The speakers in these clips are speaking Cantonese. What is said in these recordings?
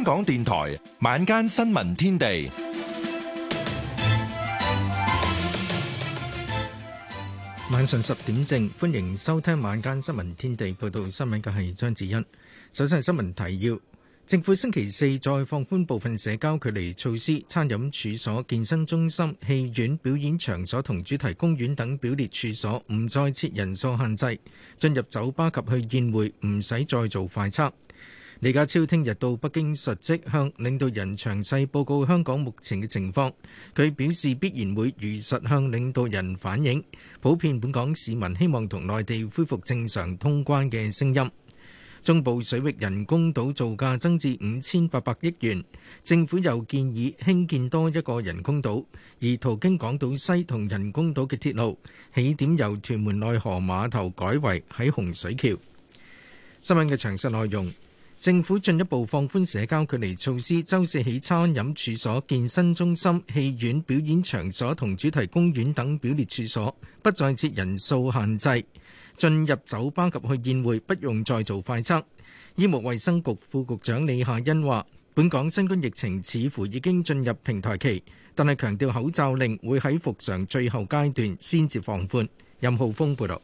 香港電台晚間新聞天地，晚上十點正，歡迎收聽晚間新聞天地。報道新聞嘅係張子欣。首先係新聞提要：政府星期四再放寬部分社交距離措施，餐飲處所、健身中心、戲院、表演場所同主題公園等表列處所唔再設人數限制，進入酒吧及去宴會唔使再做快測。李家超聽日到北京述職，向領導人詳細報告香港目前嘅情況。佢表示必然會如實向領導人反映普遍本港市民希望同內地恢復正常通關嘅聲音。中部水域人工島造價增至五千八百億元，政府又建議興建多一個人工島，而途經港島西同人工島嘅鐵路起點由屯門內河碼頭改為喺洪水橋。新聞嘅詳細內容。政府進一步放寬社交距離措施，週四起，餐飲處所、健身中心、戲院、表演場所同主題公園等表列處所不再設人數限制。進入酒吧及去宴會不用再做快測。醫務衛生局副局長李夏茵話：本港新冠疫情似乎已經進入平台期，但係強調口罩令會喺復常最後階段先至放寬。任浩峯報道。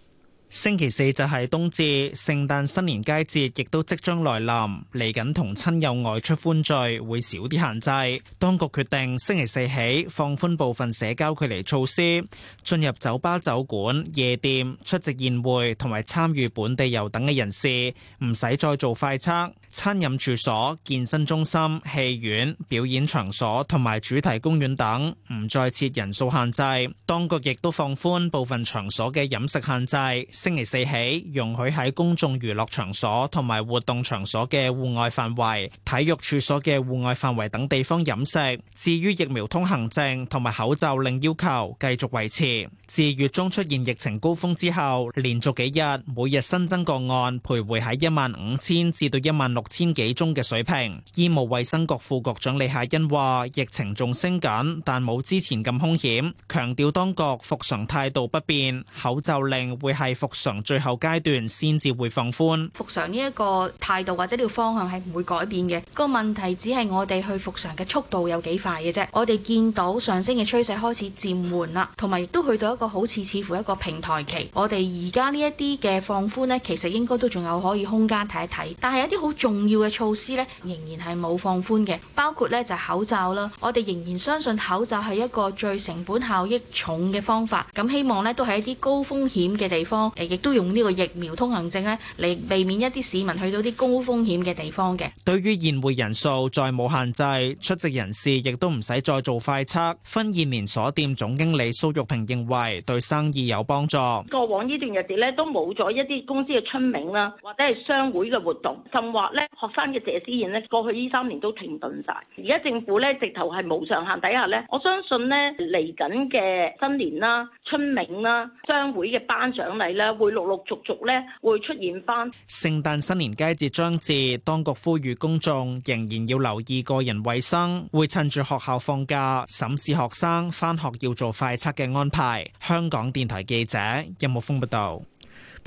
星期四就係冬至，聖誕新年佳節亦都即將來臨，嚟緊同親友外出歡聚會少啲限制。當局決定星期四起放寬部分社交距離措施，進入酒吧、酒館、夜店、出席宴會同埋參與本地遊等嘅人士，唔使再做快測。餐飲處所、健身中心、戲院、表演場所同埋主題公園等，唔再設人數限制。當局亦都放寬部分場所嘅飲食限制。星期四起，容許喺公眾娛樂場所同埋活動場所嘅戶外範圍、體育處所嘅戶外範圍等地方飲食。至於疫苗通行證同埋口罩令要求，繼續維持。自月中出現疫情高峰之後，連續幾日每日新增個案徘徊喺一萬五千至到一萬。六千幾宗嘅水平，醫務衛生局副局長李夏茵話，疫情仲升緊，但冇之前咁兇險，強調當局復常態度不變，口罩令會係復常最後階段先至會放寬。復常呢一個態度或者呢個方向係唔會改變嘅，個問題只係我哋去復常嘅速度有幾快嘅啫。我哋見到上升嘅趨勢開始漸緩啦，同埋亦都去到一個好似似乎一個平台期。我哋而家呢一啲嘅放寬咧，其實應該都仲有可以空間睇一睇，但係一啲好。重要嘅措施呢，仍然係冇放寬嘅，包括呢就係口罩啦。我哋仍然相信口罩係一個最成本效益重嘅方法。咁希望呢都係一啲高風險嘅地方，亦都用呢個疫苗通行證呢嚟，避免一啲市民去到啲高風險嘅地方嘅。對於宴會人數再冇限制，出席人士亦都唔使再做快測。婚宴連鎖店總經理蘇玉平認為對生意有幫助。過往呢段日子呢都冇咗一啲公司嘅春茗啦，或者係商會嘅活動，甚或，咧學生嘅謝師宴咧，過去呢三年都停頓晒，而家政府咧直頭係無上限底下咧，我相信咧嚟緊嘅新年啦、春茗啦、商會嘅頒獎禮啦，會陸陸續續咧會出現翻。聖誕新年佳節將至，當局呼籲公眾仍然要留意個人衞生，會趁住學校放假審視學生返學要做快測嘅安排。香港電台記者任木風報道。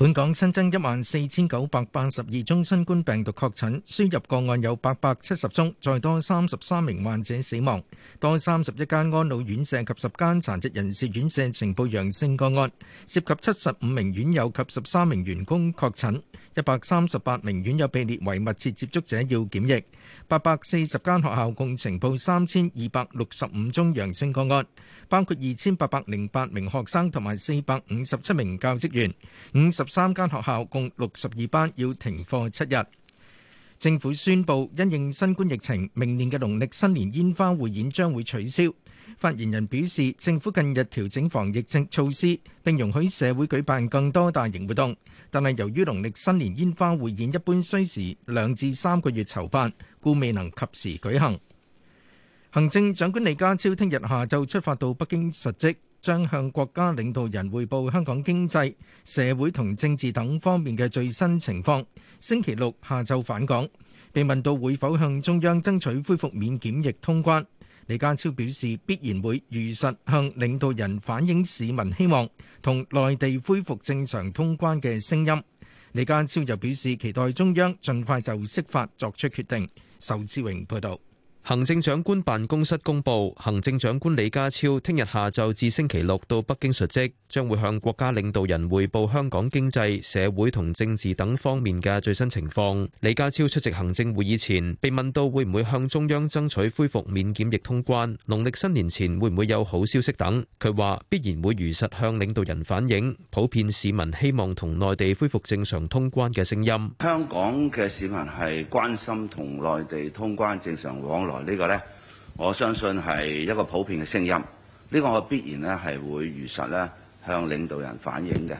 本港新增一萬四千九百八十二宗新冠病毒確診，輸入個案有八百七十宗，再多三十三名患者死亡。多三十一間安老院舍及十間殘疾人士院舍呈報陽性個案，涉及七十五名院友及十三名員工確診，一百三十八名院友被列為密切接觸者要檢疫。八百四十間學校共呈報三千二百六十五宗陽性個案，包括二千八百零八名學生同埋四百五十七名教職員，五十。三間學校共六十二班要停課七日。政府宣布因應新冠疫情，明年嘅農曆新年煙花匯演將會取消。發言人表示，政府近日調整防疫措施，並容許社會舉辦更多大型活動，但係由於農曆新年煙花匯演一般需時兩至三個月籌辦，故未能及時舉行。行政長官李家超聽日下晝出發到北京述職。將向國家領導人匯報香港經濟、社會同政治等方面嘅最新情況。星期六下晝返港，被問到會否向中央爭取恢復免檢疫通關，李家超表示必然會如實向領導人反映市民希望同內地恢復正常通關嘅聲音。李家超又表示期待中央盡快就釋法作出決定。仇志榮報道。行政長官辦公室公布，行政長官李家超聽日下晝至星期六到北京述職，將會向國家領導人匯報香港經濟、社會同政治等方面嘅最新情況。李家超出席行政會議前，被問到會唔會向中央爭取恢復免檢疫通關，農曆新年前會唔會有好消息等，佢話必然會如實向領導人反映，普遍市民希望同內地恢復正常通關嘅聲音。香港嘅市民係關心同內地通關正常往來。呢個呢，我相信係一個普遍嘅聲音。呢個我必然咧係會如實咧向領導人反映嘅。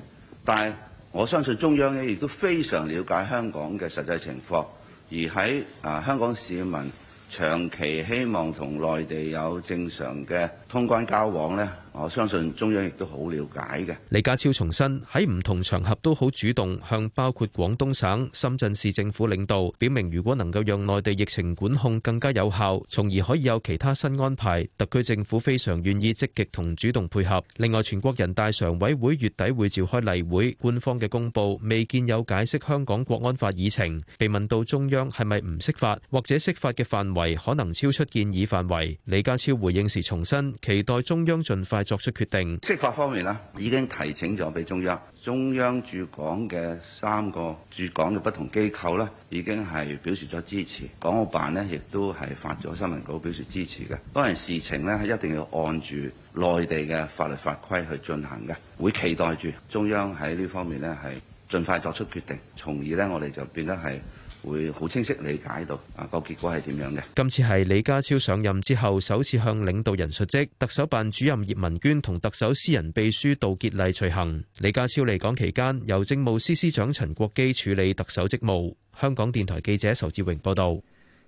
但係我相信中央咧亦都非常了解香港嘅實際情況，而喺香港市民長期希望同內地有正常嘅。通關交往呢，我相信中央亦都好了解嘅。李家超重申喺唔同場合都好主動向包括廣東省、深圳市政府領導表明，如果能夠讓內地疫情管控更加有效，從而可以有其他新安排，特區政府非常願意積極同主動配合。另外，全國人大常委會月底會召開例會，官方嘅公佈未見有解釋香港國安法議程。被問到中央係咪唔釋法，或者釋法嘅範圍可能超出建議範圍，李家超回應時重申。期待中央儘快作出決定。釋法方面啦，已經提請咗俾中央。中央駐港嘅三個駐港嘅不同機構咧，已經係表示咗支持。港澳辦咧，亦都係發咗新聞稿表示支持嘅。當然事情咧，係一定要按住內地嘅法律法規去進行嘅。會期待住中央喺呢方面咧，係儘快作出決定，從而咧，我哋就變得係。會好清晰理解到啊個結果係點樣嘅？今次係李家超上任之後首次向領導人述職，特首辦主任葉文娟同特首私人秘書杜傑麗隨行。李家超離港期間，由政務司司長陳國基處理特首職務。香港電台記者仇志榮報道。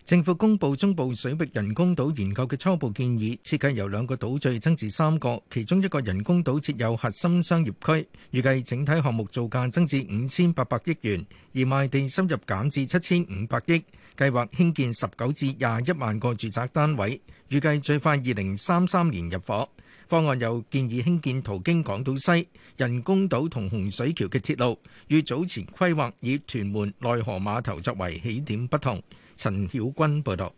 政府公布中部水域人工島研究嘅初步建議，設計由兩個島嶼增至三個，其中一個人工島設有核心商業區，預計整體項目造價增至五千八百億元，而賣地收入減至七千五百億。計劃興建十九至廿一萬個住宅單位，預計最快二零三三年入伙。方案又建議興建途經港島西人工島同洪水橋嘅鐵路，與早前規劃以屯門內河碼頭作為起點不同。陳曉君報道，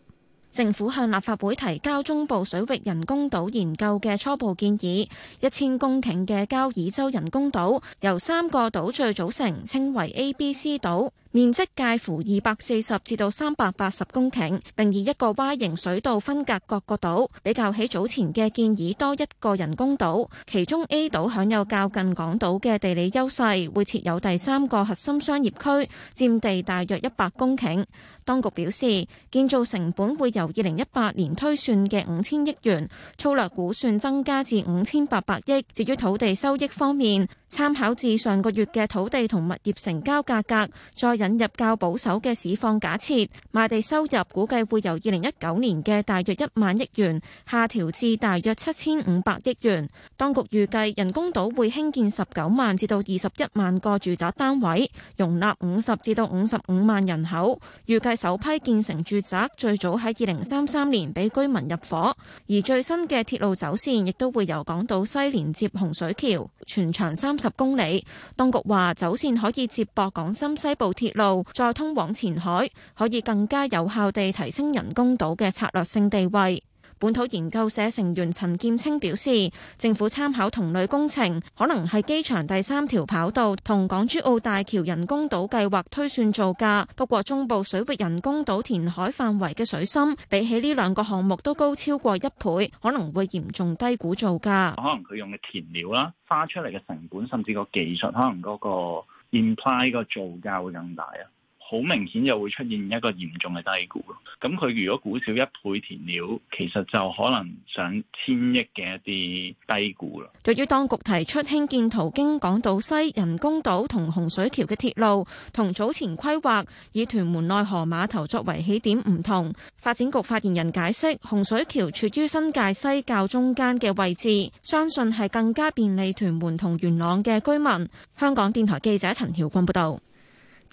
政府向立法會提交中部水域人工島研究嘅初步建議，一千公頃嘅交椅洲人工島由三個島嶼組成，稱為 A、B、C 島。面積介乎二百四十至到三百八十公頃，並以一個 Y 型水道分隔各個島，比較起早前嘅建議多一個人工島。其中 A 島享有較近港島嘅地理優勢，會設有第三個核心商業區，佔地大約一百公頃。當局表示，建造成本會由二零一八年推算嘅五千億元粗略估算增加至五千八百億。至於土地收益方面，參考至上個月嘅土地同物業成交價格，再。引入較保守嘅市況假設，賣地收入估計會由二零一九年嘅大約一萬億元，下調至大約七千五百億元。當局預計人工島會興建十九萬至到二十一萬個住宅單位，容納五十至到五十五萬人口。預計首批建成住宅最早喺二零三三年俾居民入伙，而最新嘅鐵路走線亦都會由港島西連接洪水橋，全長三十公里。當局話走線可以接駁港深西部鐵路。路再通往前海，可以更加有效地提升人工島嘅策略性地位。本土研究社成員陳劍青表示，政府參考同類工程，可能係機場第三條跑道同港珠澳大橋人工島計劃推算造價。不過中部水域人工島填海範圍嘅水深，比起呢兩個項目都高超過一倍，可能會嚴重低估造價。可能佢用嘅填料啦，花出嚟嘅成本，甚至個技術，可能嗰個。imply 個造價會更大啊！好明顯就會出現一個嚴重嘅低估咯。咁佢如果估少一倍填料，其實就可能上千億嘅一啲低估啦。對於當局提出興建途經港島西人工島同洪水橋嘅鐵路，同早前規劃以屯門內河碼頭作為起點唔同，發展局發言人解釋，洪水橋處於新界西較中間嘅位置，相信係更加便利屯門同元朗嘅居民。香港電台記者陳曉君報導。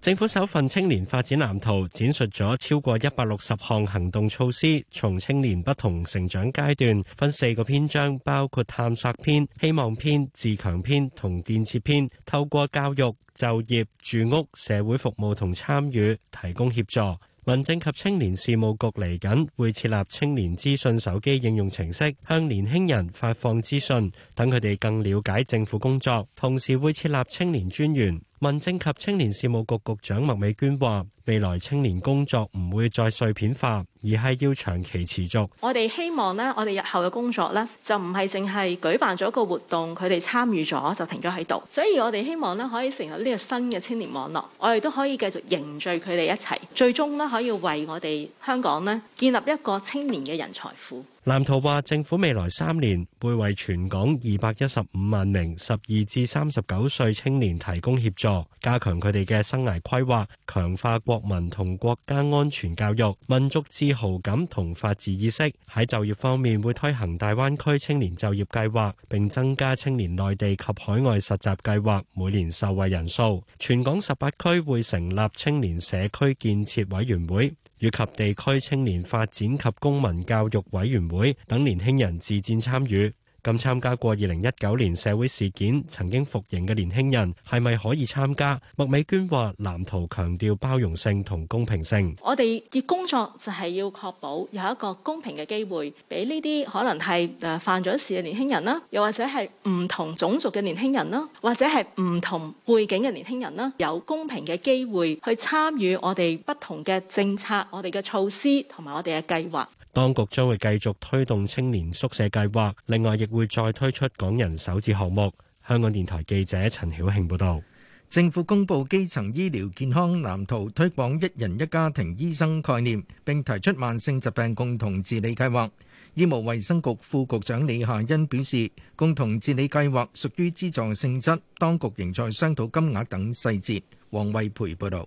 政府首份青年發展藍圖，展述咗超過一百六十項行動措施，從青年不同成長階段，分四個篇章，包括探索篇、希望篇、自強篇同建設篇，透過教育、就業、住屋、社會服務同參與，提供協助。民政及青年事務局嚟緊會設立青年資訊手機應用程式，向年輕人發放資訊，等佢哋更了解政府工作，同時會設立青年專員。民政及青年事務局局長麥美娟話：未來青年工作唔會再碎片化，而係要長期持續。我哋希望呢，我哋日後嘅工作呢，就唔係淨係舉辦咗個活動，佢哋參與咗就停咗喺度。所以我哋希望呢，可以成立呢個新嘅青年網絡，我哋都可以繼續凝聚佢哋一齊，最終呢，可以為我哋香港呢，建立一個青年嘅人才庫。藍圖話，政府未來三年會為全港二百一十五萬名十二至三十九歲青年提供協助，加強佢哋嘅生涯規劃，強化國民同國家安全教育、民族自豪感同法治意識。喺就業方面，會推行大灣區青年就業計劃，並增加青年內地及海外實習計劃每年受惠人數。全港十八區會成立青年社區建設委員會。以及地區青年發展及公民教育委員會等，年輕人自薦參與。咁參加過二零一九年社會事件、曾經服刑嘅年輕人係咪可以參加？麥美娟話藍圖強調包容性同公平性。我哋嘅工作就係要確保有一個公平嘅機會俾呢啲可能係誒，犯咗事嘅年輕人啦，又或者係唔同種族嘅年輕人啦，或者係唔同背景嘅年輕人啦，有公平嘅機會去參與我哋不同嘅政策、我哋嘅措施同埋我哋嘅計劃。當局將會繼續推動青年宿舍計劃，另外亦會再推出港人首次項目。香港電台記者陳曉慶報導。政府公布《基層醫療健康藍圖》，推廣一人一家庭醫生概念，並提出慢性疾病共同治理計劃。醫務衛生局副局長李夏恩表示，共同治理計劃屬於資助性質，當局仍在商討金額等細節。王慧培報導。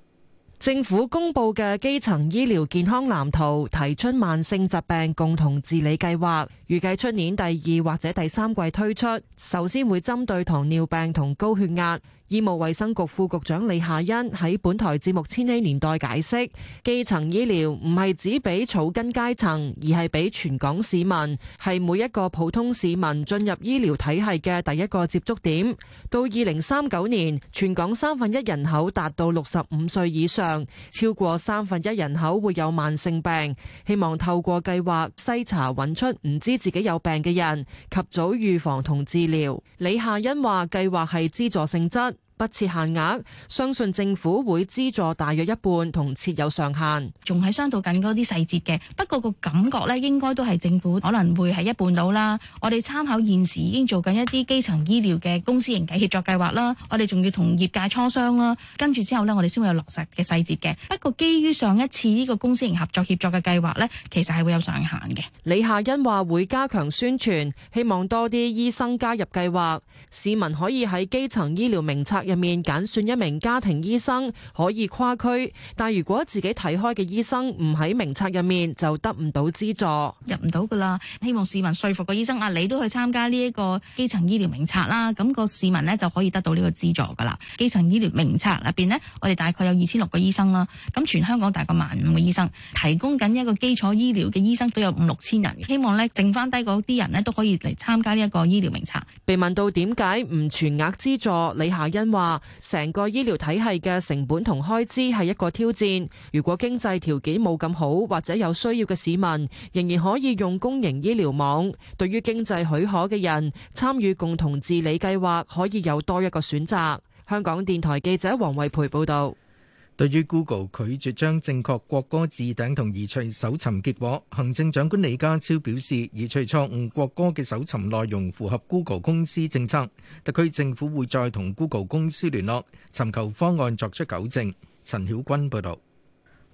政府公布嘅基層醫療健康藍圖，提出慢性疾病共同治理計劃。預計出年第二或者第三季推出，首先會針對糖尿病同高血壓。醫務衛生局副局長李夏茵喺本台節目《千禧年代》解釋，基層醫療唔係只俾草根階層，而係俾全港市民，係每一個普通市民進入醫療體系嘅第一個接觸點。到二零三九年，全港三分一人口達到六十五歲以上，超過三分一人口會有慢性病。希望透過計劃篩查揾出唔知自己有病嘅人及早預防同治療。李夏欣話：計劃係資助性質。不設限額，相信政府會資助大約一半，同設有上限，仲係商討緊嗰啲細節嘅。不過個感覺咧，應該都係政府可能會係一半到啦。我哋參考現時已經做緊一啲基層醫療嘅公司型嘅協作計劃啦，我哋仲要同業界磋商啦。跟住之後咧，我哋先會有落實嘅細節嘅。不過基於上一次呢個公司型合作協作嘅計劃咧，其實係會有上限嘅。李夏欣話會加強宣傳，希望多啲醫生加入計劃，市民可以喺基層醫療名冊。入面揀選一名家庭醫生可以跨區，但如果自己睇開嘅醫生唔喺名冊入面，就得唔到資助，入唔到噶啦。希望市民說服個醫生啊，你都去參加呢一個基層醫療名冊啦，咁個市民呢，就可以得到呢個資助噶啦。基層醫療名冊入邊呢，我哋大概有二千六個醫生啦，咁全香港大概萬五個醫生提供緊一個基礎醫療嘅醫生都有五六千人，希望呢，剩翻低嗰啲人呢，都可以嚟參加呢一個醫療名冊。被問到點解唔全額資助，李夏欣話。話成個醫療體系嘅成本同開支係一個挑戰。如果經濟條件冇咁好或者有需要嘅市民，仍然可以用公營醫療網。對於經濟許可嘅人，參與共同治理計劃可以有多一個選擇。香港電台記者黃慧培報道。對於 Google 拒絕將正確國歌置頂同移除搜尋結果，行政長官李家超表示，移除錯誤國歌嘅搜尋內容符合 Google 公司政策。特區政府會再同 Google 公司聯絡，尋求方案作出糾正。陳曉君報導。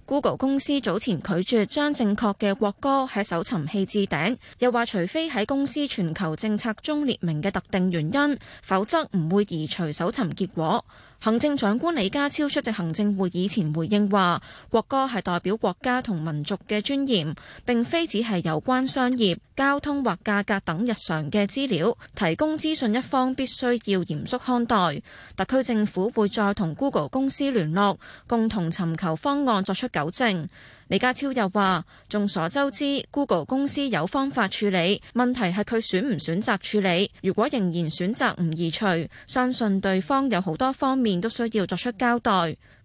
Google 公司早前拒絕將正確嘅國歌喺搜尋器置頂，又話除非喺公司全球政策中列明嘅特定原因，否則唔會移除搜尋結果。行政長官李家超出席行政會議前回應話，國歌係代表國家同民族嘅尊嚴，並非只係有關商業。交通或價格等日常嘅資料，提供資訊一方必須要嚴肅看待。特區政府會再同 Google 公司聯絡，共同尋求方案，作出糾正。李家超又話，眾所周知，Google 公司有方法處理，問題係佢選唔選擇處理。如果仍然選擇唔移除，相信對方有好多方面都需要作出交代。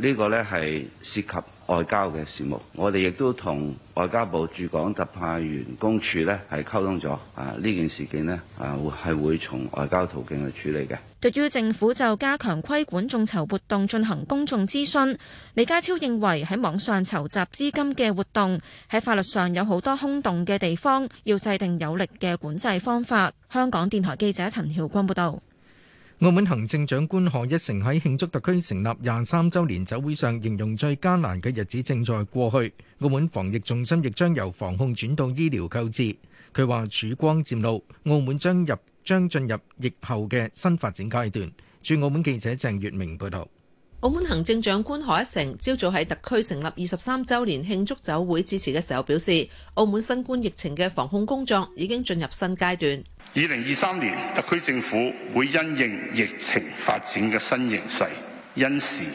呢個咧係涉及外交嘅事務，我哋亦都同外交部駐港特派員公署咧係溝通咗，啊呢件事件咧啊會係會從外交途徑去處理嘅。對於政府就加強規管眾籌活動進行公眾諮詢，李家超認為喺網上籌集資金嘅活動，喺法律上有好多空洞嘅地方，要制定有力嘅管制方法。香港電台記者陳曉君報道。澳門行政長官賀一誠喺慶祝特區成立廿三周年酒會上形容最艱難嘅日子正在過去，澳門防疫重心亦將由防控轉到醫療救治。佢話曙光漸露，澳門將入將進入疫後嘅新發展階段。駐澳門記者鄭月明報道。澳門行政長官賀一誠朝早喺特區成立二十三周年慶祝酒會致辭嘅時候表示，澳門新冠疫情嘅防控工作已經進入新階段。二零二三年，特區政府會因應疫情發展嘅新形勢，因時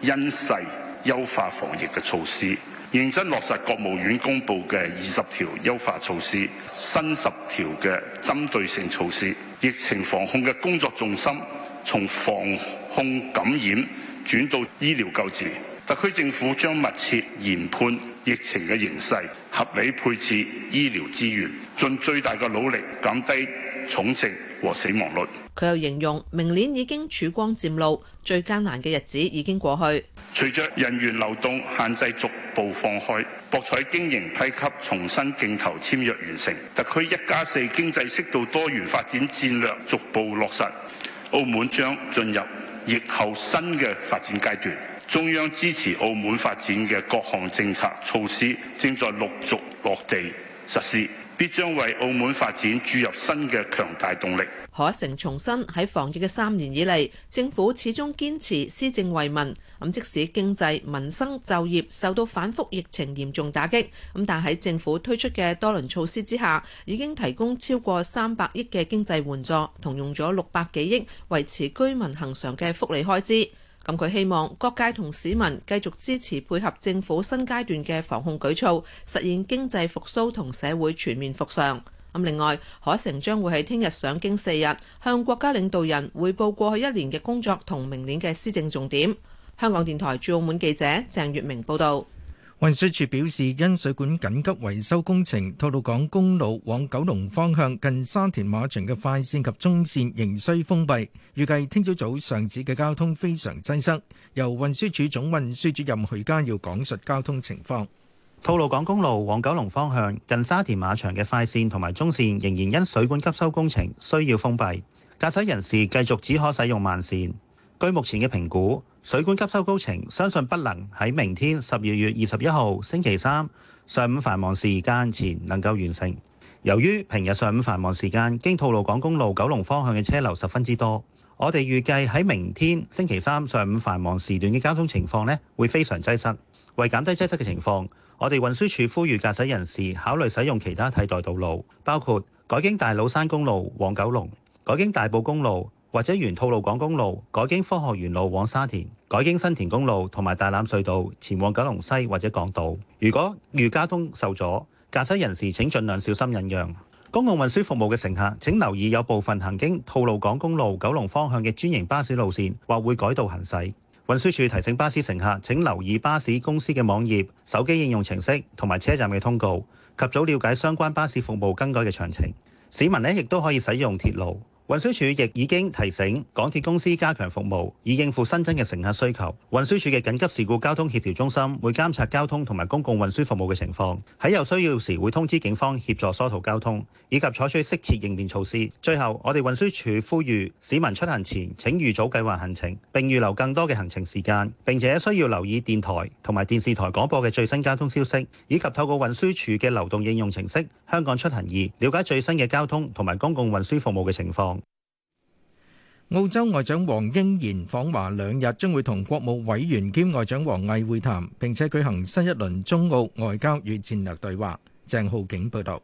因勢優化防疫嘅措施，認真落實國務院公布嘅二十條優化措施、新十條嘅針對性措施。疫情防控嘅工作重心從防控感染，轉到醫療救治，特區政府將密切研判疫情嘅形勢，合理配置醫療資源，盡最大嘅努力減低重症和死亡率。佢又形容明年已經曙光漸露，最艱難嘅日子已經過去。隨着人員流動限制逐步放開，博彩經營批給重新競投簽約完成，特區一加四經濟適度多元發展戰略逐步落實，澳門將進入。疫後新嘅發展階段，中央支持澳門發展嘅各項政策措施正在陸續落地實施，必將為澳門發展注入新嘅強大動力。賀一誠重申喺防疫嘅三年以嚟，政府始終堅持施政為民。咁，即使經濟民生就業受到反覆疫情嚴重打擊，咁但喺政府推出嘅多輪措施之下，已經提供超過三百億嘅經濟援助，同用咗六百幾億維持居民恒常嘅福利開支。咁佢希望各界同市民繼續支持配合政府新階段嘅防控舉措，實現經濟復甦同社會全面復常。咁另外，海城將會喺聽日上京四日，向國家領導人匯報過去一年嘅工作同明年嘅施政重點。香港電台駐澳門記者鄭月明報道，運輸署表示，因水管緊急維修工程，吐露港公路往九龍方向近沙田馬場嘅快線及中線仍需封閉。預計聽朝早上至嘅交通非常擠塞。由運輸署總運輸主任許家耀講述交通情況。吐露港公路往九龍方向近沙田馬場嘅快線同埋中線仍然因水管急修工程需要封閉，駕駛人士繼續只可使用慢線。據目前嘅評估，水管急修工程相信不能喺明天十二月二十一號星期三上午繁忙時間前能夠完成。由於平日上午繁忙時間，經吐露港公路九龍方向嘅車流十分之多，我哋預計喺明天星期三上午繁忙時段嘅交通情況呢會非常擠塞。為減低擠塞嘅情況，我哋運輸署呼籲駕駛人士考慮使用其他替代道路，包括改經大老山公路往九龍，改經大埔公路。或者沿套路港公路改經科學園路往沙田，改經新田公路同埋大欖隧道前往九龍西或者港島。如果遇交通受阻，駕駛人士請盡量小心忍讓。公共運輸服務嘅乘客，請留意有部分行經套路港公路九龍方向嘅專營巴士路線或會改道行駛。運輸署提醒巴士乘客，請留意巴士公司嘅網頁、手機應用程式同埋車站嘅通告，及早了解相關巴士服務更改嘅詳情。市民呢亦都可以使用鐵路。運輸署亦已經提醒港鐵公司加強服務，以應付新增嘅乘客需求。運輸署嘅緊急事故交通協調中心會監察交通同埋公共運輸服務嘅情況，喺有需要時會通知警方協助疏導交通，以及採取適切應變措施。最後，我哋運輸署呼籲市民出行前請預早計劃行程，並預留更多嘅行程時間，並且需要留意電台同埋電視台廣播嘅最新交通消息，以及透過運輸署嘅流動應用程式《香港出行易》了解最新嘅交通同埋公共運輸服務嘅情況。澳洲外長黃英賢訪華兩日，將會同國務委員兼外長王毅會談，並且舉行新一輪中澳外交與戰略對話。鄭浩景報導。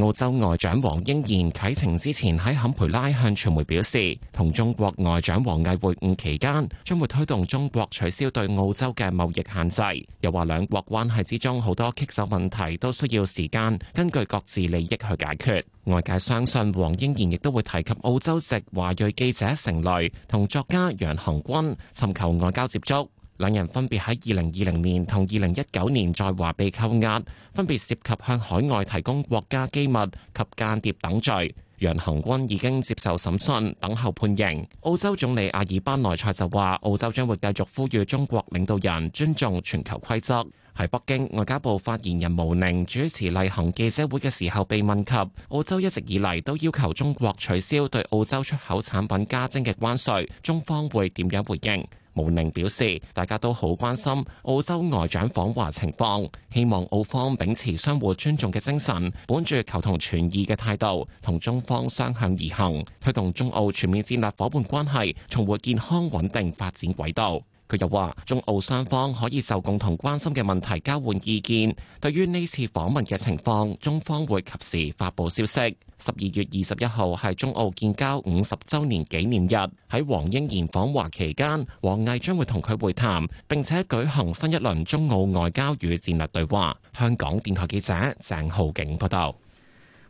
澳洲外長王英賢啟程之前，喺坎培拉向傳媒表示，同中國外長王毅會晤期間，將會推動中國取消對澳洲嘅貿易限制。又話兩國關係之中好多棘手問題都需要時間，根據各自利益去解決。外界相信王英賢亦都會提及澳洲籍華裔記者成蕾同作家楊恆均，尋求外交接觸。兩人分別喺二零二零年同二零一九年在華被扣押，分別涉及向海外提供國家機密及間諜等罪。楊恒軍已經接受審訊，等候判刑。澳洲總理阿爾班萊賽就話澳洲將會繼續呼籲中國領導人尊重全球規則。喺北京，外交部發言人毛寧主持例行記者會嘅時候，被問及澳洲一直以嚟都要求中國取消對澳洲出口產品加徵嘅關稅，中方會點樣回應？毛寧表示，大家都好關心澳洲外長訪華情況，希望澳方秉持相互尊重嘅精神，本住求同存異嘅態度，同中方相向而行，推動中澳全面戰略伙伴關係重回健康穩定發展軌道。佢又話：中澳雙方可以就共同關心嘅問題交換意見。對於呢次訪問嘅情況，中方會及時發布消息。十二月二十一號係中澳建交五十週年紀念日。喺黃英賢訪華期間，王毅將會同佢會談，並且舉行新一輪中澳外交與戰略對話。香港電台記者鄭浩景報道。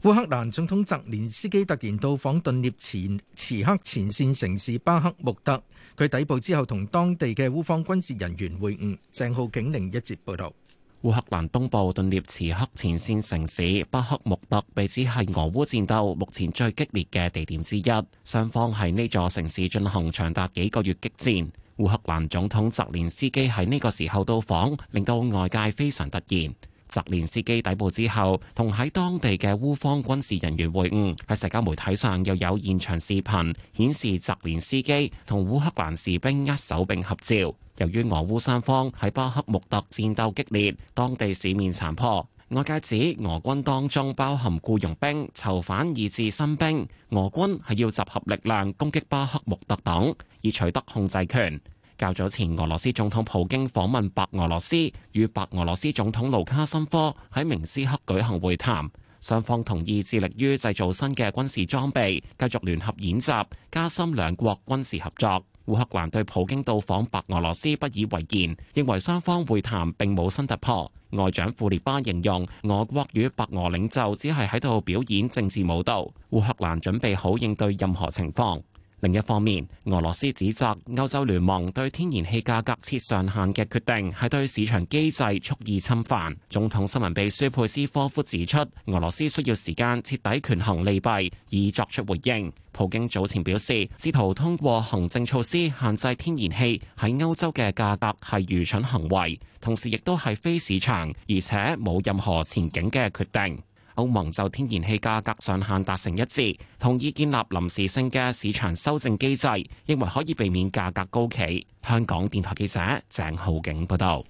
烏克蘭總統澤連斯基突然到訪頓涅茨克前線城市巴克穆特。佢抵步之後，同當地嘅烏方軍事人員會晤。鄭浩景凌一節報導，烏克蘭東部頓涅茨克前線城市巴赫穆特被指係俄烏戰鬥目前最激烈嘅地點之一。雙方喺呢座城市進行長達幾個月激戰。烏克蘭總統澤連斯基喺呢個時候到訪，令到外界非常突然。澤連斯基底部之後，同喺當地嘅烏方軍事人員會晤。喺社交媒體上又有現場視頻顯示，澤連斯基同烏克蘭士兵握手並合照。由於俄烏三方喺巴克穆特戰鬥激烈，當地市面殘破。外界指俄軍當中包含雇傭兵、囚犯以至新兵。俄軍係要集合力量攻擊巴克穆特等，以取得控制權。較早前，俄羅斯總統普京訪問白俄羅斯，與白俄羅斯總統盧卡申科喺明斯克舉行會談，雙方同意致力於製造新嘅軍事裝備，繼續聯合演習，加深兩國軍事合作。烏克蘭對普京到訪白俄羅斯不以為然，認為雙方會談並冇新突破。外長庫列巴形容，俄國與白俄領袖只係喺度表演政治舞蹈。烏克蘭準備好應對任何情況。另一方面，俄羅斯指責歐洲聯盟對天然氣價格設上限嘅決定係對市場機制蓄意侵犯。總統新聞秘書佩斯科夫指出，俄羅斯需要時間徹底權衡利弊，以作出回應。普京早前表示，試圖通過行政措施限制天然氣喺歐洲嘅價格係愚蠢行為，同時亦都係非市場，而且冇任何前景嘅決定。歐盟就天然氣價格上限達成一致，同意建立臨時性嘅市場修正機制，認為可以避免價格高企。香港電台記者鄭浩景報道。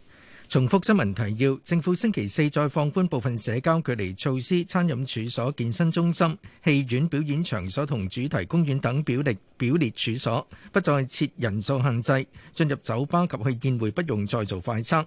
重複新聞提要：政府星期四再放寬部分社交距離措施，餐飲處所、健身中心、戲院、表演場所同主題公園等表列表列處所不再設人數限制，進入酒吧及去宴會不用再做快測。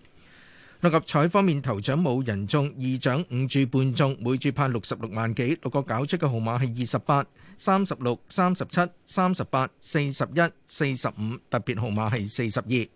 六合彩方面，頭獎冇人中，二獎五注半中，每注派六十六萬幾。六個搞出嘅號碼係二十八、三十六、三十七、三十八、四十一、四十五，特別號碼係四十二。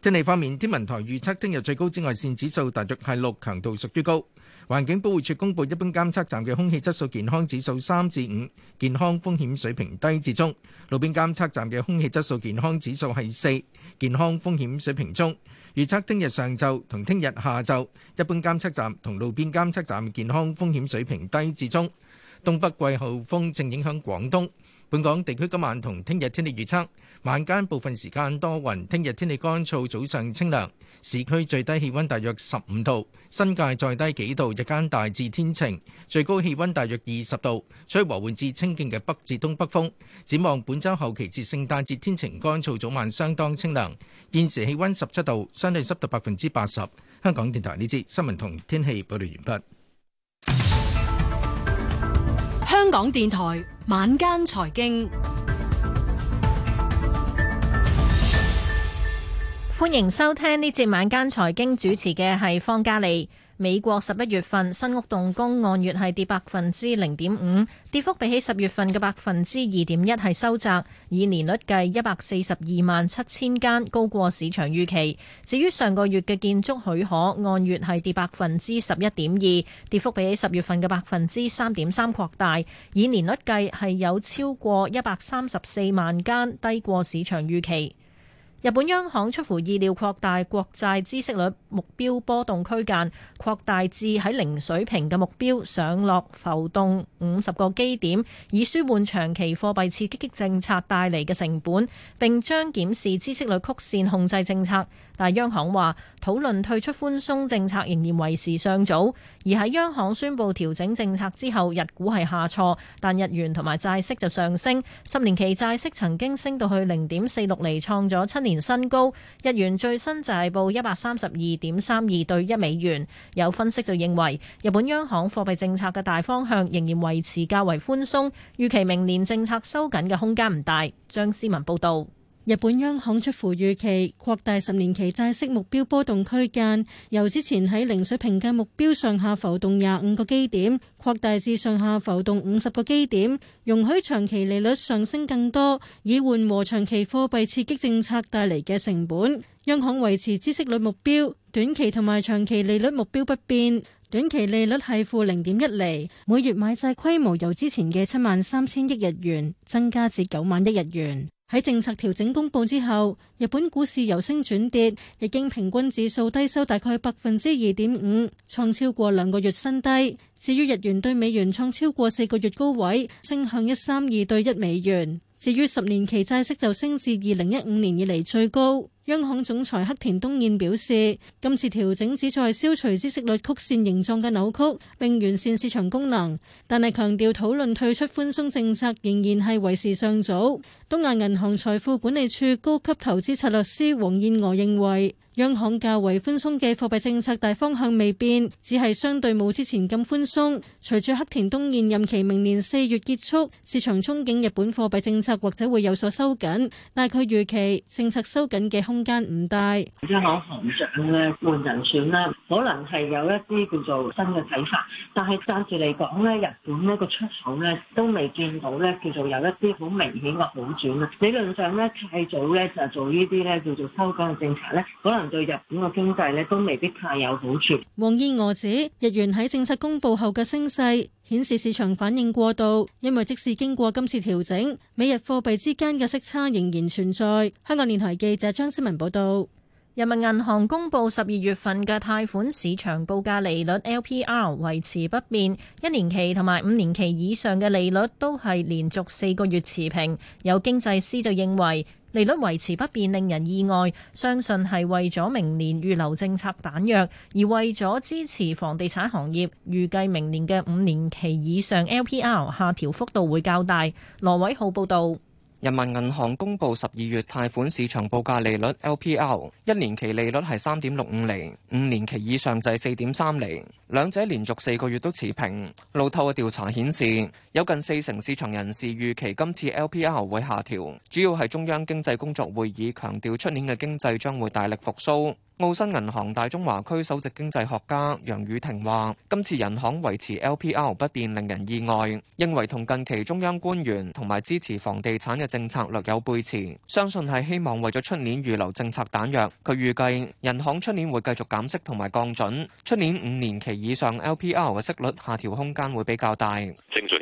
天氣方面，天文台預測聽日最高紫外線指數大約係六，強度屬於高。環境保護署公布，一般監測站嘅空氣質素健康指數三至五，健康風險水平低至中；路邊監測站嘅空氣質素健康指數係四，健康風險水平中。預測聽日上晝同聽日下晝，一般監測站同路邊監測站健康風險水平低至中。東北季候風正影響廣東。本港地區今晚同聽日天氣預測，晚間部分時間多雲，聽日天氣乾燥，早上清涼，市區最低氣温大約十五度，新界再低幾度，日間大致天晴，最高氣温大約二十度，吹和緩至清勁嘅北至東北風。展望本週後期至聖誕節天晴乾燥，早晚相當清涼。現時氣温十七度，相對濕度百分之八十。香港電台呢節新聞同天氣報道完畢。香港電台晚間財經，歡迎收聽呢節晚間財經，主持嘅係方嘉莉。美國十一月份新屋動工按月係跌百分之零點五，跌幅比起十月份嘅百分之二點一係收窄，以年率計一百四十二萬七千間，高過市場預期。至於上個月嘅建築許可按月係跌百分之十一點二，跌幅比起十月份嘅百分之三點三擴大，以年率計係有超過一百三十四萬間，低過市場預期。日本央行出乎意料擴大國債孳息率目標波動區間，擴大至喺零水平嘅目標上落浮動五十個基點，以舒緩長期貨幣刺激政策帶嚟嘅成本，並將檢視孳息率曲線控制政策。但央行話討論退出寬鬆政策仍然為時尚早，而喺央行宣布調整政策之後，日股係下挫，但日元同埋債息就上升。十年期債息曾經升到去零點四六厘，創咗七年新高。日元最新就係報一百三十二點三二對一美元。有分析就認為日本央行貨幣政策嘅大方向仍然維持較為寬鬆，預期明年政策收緊嘅空間唔大。張思文報導。日本央行出乎預期擴大十年期債息目標波動區間，由之前喺零水平嘅目標上下浮動廿五個基點，擴大至上下浮動五十個基點，容許長期利率上升更多，以緩和長期貨幣刺激政策帶嚟嘅成本。央行維持孳息率目標，短期同埋長期利率目標不變。短期利率係負零點一厘，每月買債規模由之前嘅七萬三千億日元增加至九萬億日元。喺政策調整公布之後，日本股市由升轉跌，日經平均指數低收大概百分之二點五，創超過兩個月新低。至於日元對美元創超過四個月高位，升向一三二對一美元。至於十年期債息就升至二零一五年以嚟最高。央行總裁黑田東彥表示，今次調整旨在消除息率曲線形狀嘅扭曲，並完善市場功能。但係強調討論退出寬鬆政策仍然係為時尚早。東亞銀行財富管理處高級投資策略師黃燕娥認為，央行較為寬鬆嘅貨幣政策大方向未變，只係相對冇之前咁寬鬆。隨住黑田東彥任期明年四月結束，市場憧憬日本貨幣政策或者會有所收緊，但佢預期政策收緊嘅空。空間唔大，即係行長咧換人選啦，可能係有一啲叫做新嘅睇法，但係暫時嚟講咧，日本呢個出口咧都未見到咧叫做有一啲好明顯嘅好轉啊。理論上咧太早咧就做呢啲咧叫做收緊嘅政策咧，可能對日本嘅經濟咧都未必太有好處。黃燕娥指日元喺政策公布後嘅升勢。顯示市場反應過度，因為即使經過今次調整，美日貨幣之間嘅息差仍然存在。香港電台記者張思文報導，人民銀行公布十二月份嘅貸款市場報價利率 LPR 維持不變，一年期同埋五年期以上嘅利率都係連續四個月持平。有經濟師就認為。利率維持不變令人意外，相信係為咗明年預留政策彈藥，而為咗支持房地產行業，預計明年嘅五年期以上 LPR 下調幅度會較大。羅偉浩報道。人民銀行公布十二月貸款市場報價利率 LPR，一年期利率係三點六五厘，五年期以上就係四點三厘，兩者連續四個月都持平。路透嘅調查顯示，有近四成市場人士預期今次 LPR 會下調，主要係中央經濟工作會議強調出年嘅經濟將會大力復甦。澳新銀行大中華區首席經濟學家楊宇婷話：今次人行維持 LPR 不變令人意外，認為同近期中央官員同埋支持房地產嘅政策略有背馳，相信係希望為咗出年預留政策彈藥。佢預計人行出年會繼續減息同埋降準，出年五年期以上 LPR 嘅息率下調空間會比較大。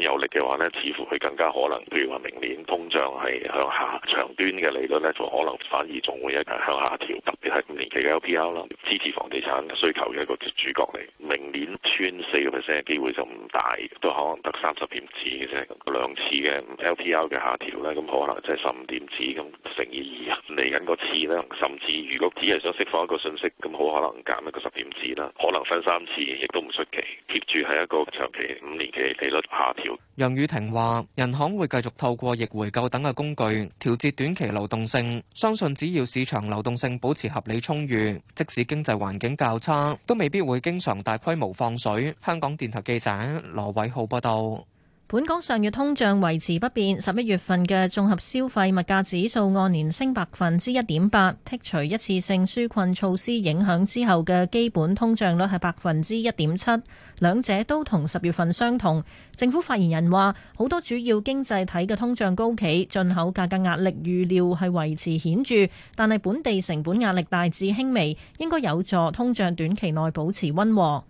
有力嘅話咧，似乎佢更加可能，譬如話明年通脹係向下長端嘅利率咧，就可能反而仲會一係向下調，特別係五年期嘅 LPR 啦，支持房地產嘅需求嘅一個主角嚟。明年穿四個 percent 嘅機會就唔大，都可能得三十點子嘅啫。兩次嘅 LPR 嘅下調咧，咁可能即係十五點子咁乘以二嚟緊個次咧，甚至如果只係想釋放一個信息，咁好可能減一個十點子啦，可能分三次，亦都唔出奇。貼住係一個長期五年期利率下調。楊宇婷話，人行會繼續透過逆回購等嘅工具，調節短期流動性。相信只要市場流動性保持合理充裕，即使經濟環境較差，都未必會經常大規模放水。香港電台記者羅偉浩報道。本港上月通脹維持不變，十一月份嘅綜合消費物價指數按年升百分之一點八，剔除一次性紓困措施影響之後嘅基本通脹率係百分之一點七，兩者都同十月份相同。政府發言人話：好多主要經濟體嘅通脹高企，進口價格壓力預料係維持顯著，但係本地成本壓力大致輕微，應該有助通脹短期內保持溫和。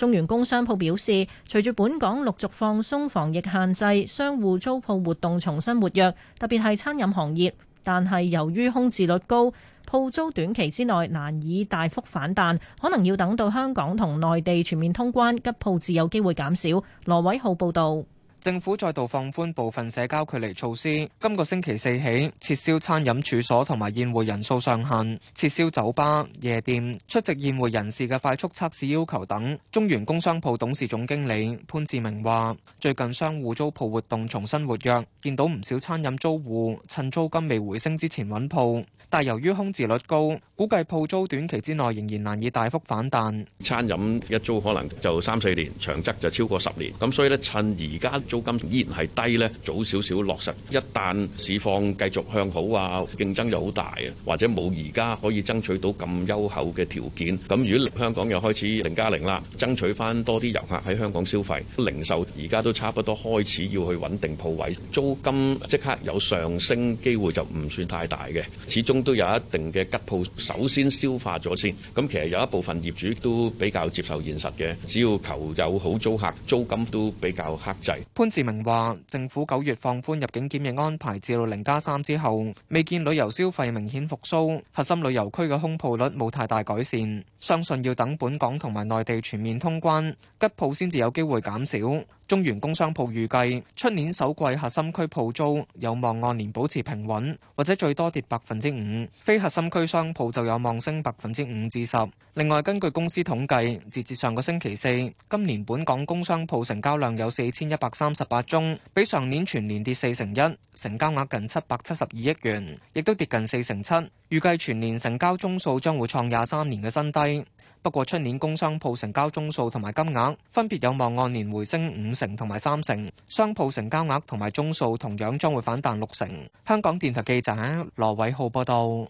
中原工商鋪表示，隨住本港陸續放鬆防疫限制，商戶租鋪活動重新活躍，特別係餐飲行業。但係由於空置率高，鋪租短期之內難以大幅反彈，可能要等到香港同內地全面通關，吉鋪自有機會減少。羅偉浩報道。政府再度放寬部分社交距離措施，今個星期四起撤銷餐飲處所同埋宴會人數上限，撤銷酒吧、夜店、出席宴會人士嘅快速測試要求等。中原工商鋪董事總經理潘志明話，最近商戶租鋪活動重新活躍，見到唔少餐飲租戶趁租金未回升之前揾鋪，但由於空置率高，估計鋪租短期之內仍然難以大幅反彈。餐飲一租可能就三四年，長則就超過十年，咁所以呢，趁而家。租金依然係低呢，早少少落實。一旦市況繼續向好啊，競爭又好大啊，或者冇而家可以爭取到咁優厚嘅條件，咁如果香港又開始零加零啦，爭取翻多啲遊客喺香港消費，零售而家都差不多開始要去穩定鋪位，租金即刻有上升機會就唔算太大嘅。始終都有一定嘅吉鋪，首先消化咗先。咁其實有一部分業主都比較接受現實嘅，只要求有好租客，租金都比較克制。潘志明話：政府九月放寬入境檢疫安排至到零加三之後，未見旅遊消費明顯復甦，核心旅遊區嘅空鋪率冇太大改善，相信要等本港同埋內地全面通關，吉鋪先至有機會減少。中原工商鋪預計出年首季核心區鋪租有望按年保持平穩，或者最多跌百分之五；非核心區商鋪就有望升百分之五至十。另外，根據公司統計，截至上個星期四，今年本港工商鋪成交量有四千一百三十八宗，比上年全年跌四成一，成交額近七百七十二億元，亦都跌近四成七。預計全年成交宗數將會創廿三年嘅新低。不過，出年工商鋪成交宗數同埋金額分別有望按年回升五成同埋三成，商鋪成交額同埋宗數同樣將會反彈六成。香港電台記者羅偉浩報道。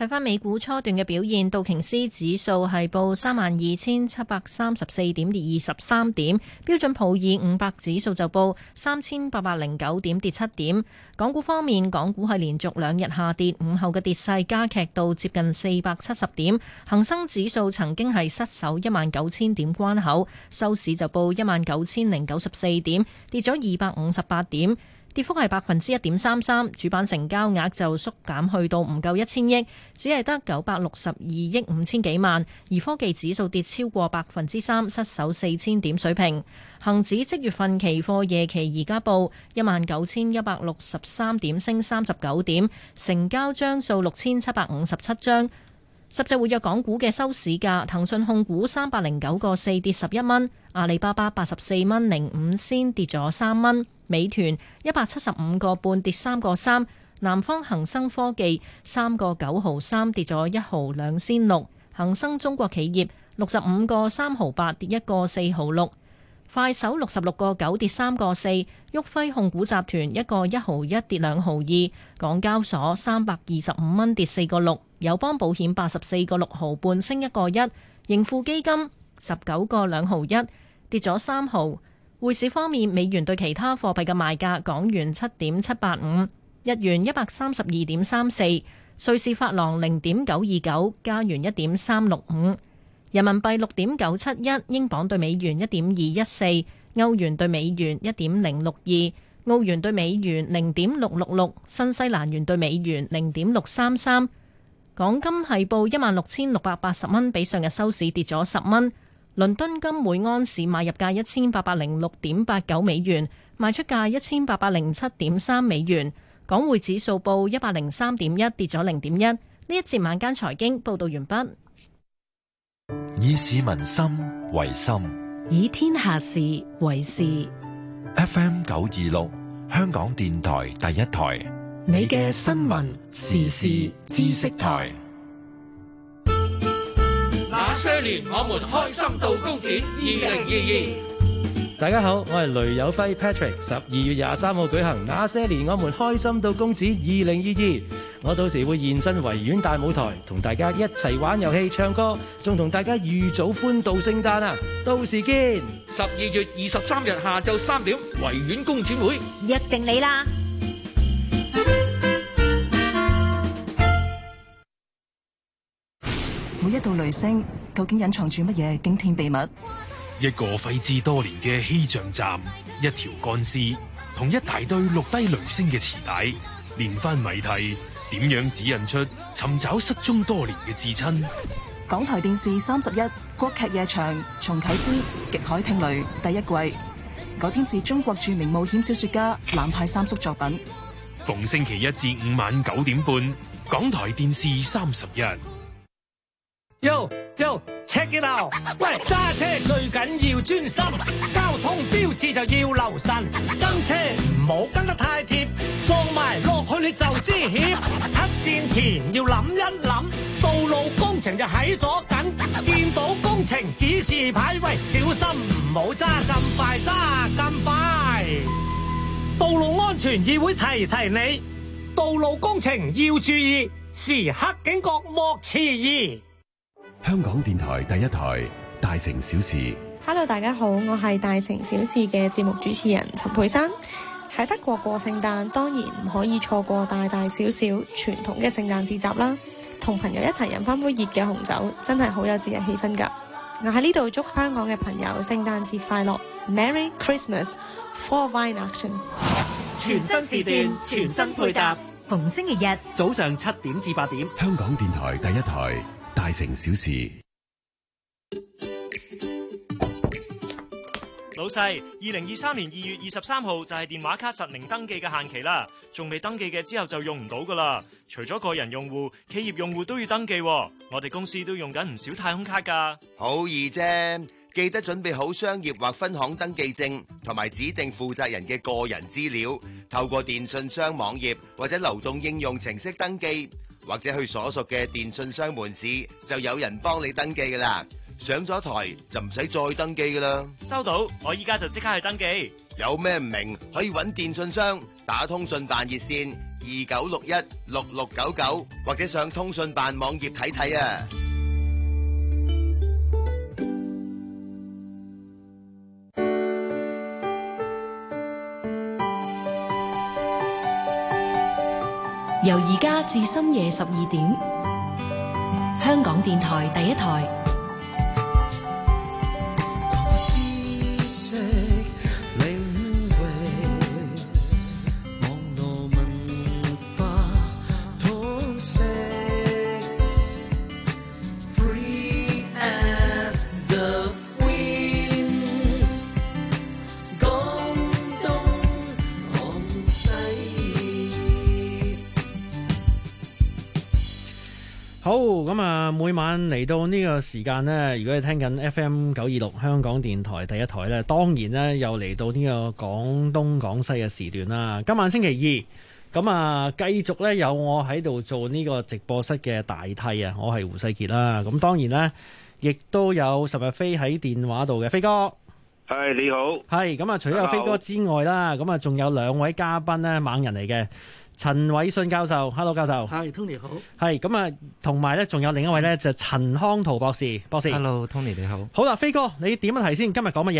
睇翻美股初段嘅表現，道瓊斯指數係報三萬二千七百三十四點，跌二十三點，標準普爾五百指數就報三千八百零九點，跌七點。港股方面，港股係連續兩日下跌，午後嘅跌勢加劇到接近四百七十點，恆生指數曾經係失守一萬九千點關口，收市就報一萬九千零九十四點，跌咗二百五十八點。跌幅係百分之一點三三，主板成交額就縮減去到唔夠一千億，只係得九百六十二億五千幾萬。而科技指數跌超過百分之三，失守四千點水平。恒指即月份期貨夜期而家報一萬九千一百六十三點，升三十九點，成交張數六千七百五十七張。十隻活躍港股嘅收市價，騰訊控股三百零九個四跌十一蚊，阿里巴巴八十四蚊零五仙跌咗三蚊。美團一百七十五個半跌三個三，南方恒生科技三個九毫三跌咗一毫兩仙六，恒生中國企業六十五個三毫八跌一個四毫六，快手六十六個九跌三個四，旭輝控股集團一個一毫一跌兩毫二，港交所三百二十五蚊跌四個六，友邦保險八十四個六毫半升一個一，盈富基金十九個兩毫一跌咗三毫。匯市方面，美元對其他貨幣嘅賣價：港元七點七八五，日元一百三十二點三四，瑞士法郎零點九二九，加元一點三六五，人民幣六點九七一，英鎊對美元一點二一四，歐元對美元一點零六二，澳元對美元零點六六六，新西蘭元對美元零點六三三。港金係報一萬六千六百八十蚊，比上日收市跌咗十蚊。倫敦金每安士買入價一千八百零六點八九美元，賣出價一千八百零七點三美元。港匯指數報一百零三點一，跌咗零點一。呢一節晚間財經報道完畢。以市民心為心，以天下事為事。F M 九二六，香港電台第一台，你嘅新聞時事知識台。那些年我們開心到工展二零二二，20. 大家好，我係雷有暉 Patrick，十二月廿三號舉行那些年我們開心到工展二零二二，我到時會現身維園大舞台，同大家一齊玩遊戲、唱歌，仲同大家預早歡度聖誕啊！到時見，十二月二十三日下晝三點維園工展會，約定你啦。一道雷聲究竟隱藏住乜嘢驚天秘密？一個廢置多年嘅氣象站，一條乾屍，同一大堆錄低雷聲嘅磁帶，連番謎題，點樣指引出尋找失蹤多年嘅至親？港台電視三十一國劇夜場重啟之極海聽雷第一季，改編自中國著名冒險小說家南派三叔作品。逢星期一至五晚九點半，港台電視三十一。喲喲，check it out 喂，揸車最緊要專心，交通標誌就要留神，跟車唔好跟得太貼，撞埋落去你就知險。出線前要諗一諗，道路工程就喺左近，見到工程指示牌喂，小心唔好揸咁快，揸咁快。道路安全議會提提你，道路工程要注意，時刻警覺莫遲疑。香港電台第一台《大城小事》。Hello，大家好，我係《大城小事》嘅節目主持人陳佩珊。喺德國過聖誕，當然唔可以錯過大大小小傳統嘅聖誕節集啦。同朋友一齊飲翻杯熱嘅紅酒，真係好有節日氣氛㗎。我喺呢度祝香港嘅朋友聖誕節快樂，Merry Christmas for Vine Action。全新時段，全新配搭，逢星期日早上七點至八點，香港電台第一台。成小事，老細，二零二三年二月二十三號就係電話卡實名登記嘅限期啦，仲未登記嘅之後就用唔到噶啦。除咗個人用戶，企業用戶都要登記喎。我哋公司都用緊唔少太空卡噶，好易啫，記得準備好商業或分行登記證同埋指定負責人嘅個人資料，透過電信商網頁或者流動應用程式登記。或者去所屬嘅電信商門市，就有人幫你登記噶啦。上咗台就唔使再登記噶啦。收到，我依家就即刻去登記。有咩唔明，可以揾電信商打通訊辦熱線二九六一六六九九，99，或者上通訊辦網頁睇睇啊。由而家至深夜十二點，香港電台第一台。每晚嚟到呢個時間呢，如果你聽緊 FM 九二六香港電台第一台呢，當然呢，又嚟到呢個廣東廣西嘅時段啦。今晚星期二，咁啊繼續呢，有我喺度做呢個直播室嘅大替啊，我係胡世傑啦。咁當然咧，亦都有十日飛喺電話度嘅飛哥。係，你好。係。咁啊，除咗有飛哥之外啦，咁啊仲有兩位嘉賓呢，猛人嚟嘅。陳偉信教授，hello 教授，係 Tony 好，係咁啊，同埋咧仲有另一位咧就係陳康圖博士，博士，hello Tony 你好，好啦，飛哥你點樣睇先，今日講乜嘢？